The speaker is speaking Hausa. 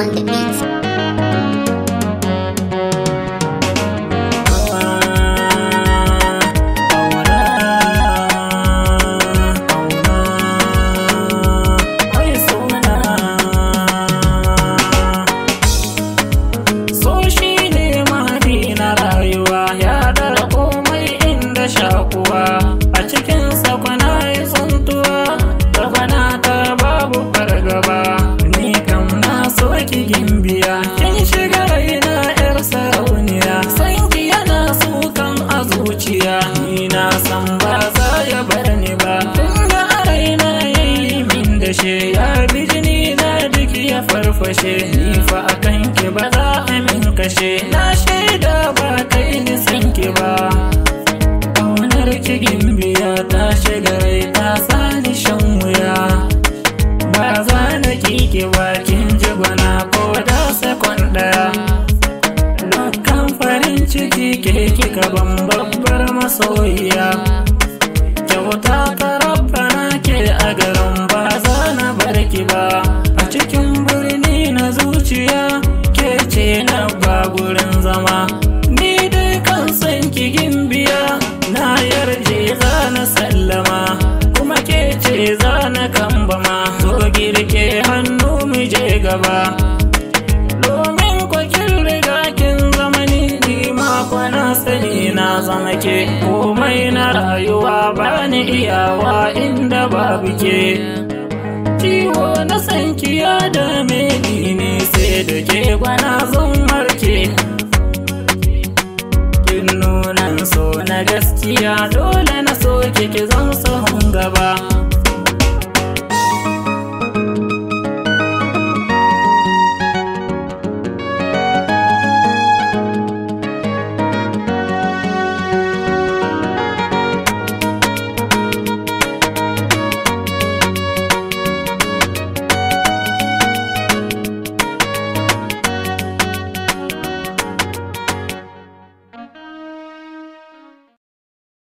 on the sarauniya kin shiga raina yar sarauniya sanki yana sukan a zuciya ni na san ba za ya bar ni ba tun da a raina yayi min dashe ya bi jini na duki ya farfashe ni fa akan ki ba za a min kashe na shaida ba kai ni san ki ba ƙaunar kigin biya ta shiga ciki ke kika ban babbar masoyiya kyauta ta rabbana ke a garin ba za na bar ki ba a cikin birni na zuciya ke ce na ba gurin zama ni dai kan san ki gimbiya na yarje za na sallama kuma ke ce za na kambama zo girke hannu mu je gaba na komai na rayuwa ba ni iyawa inda ba buke ciwo na sankiya da ne sai da ke gwana zan marke kin nunan so na gaskiya dole na so ki zan sahun gaba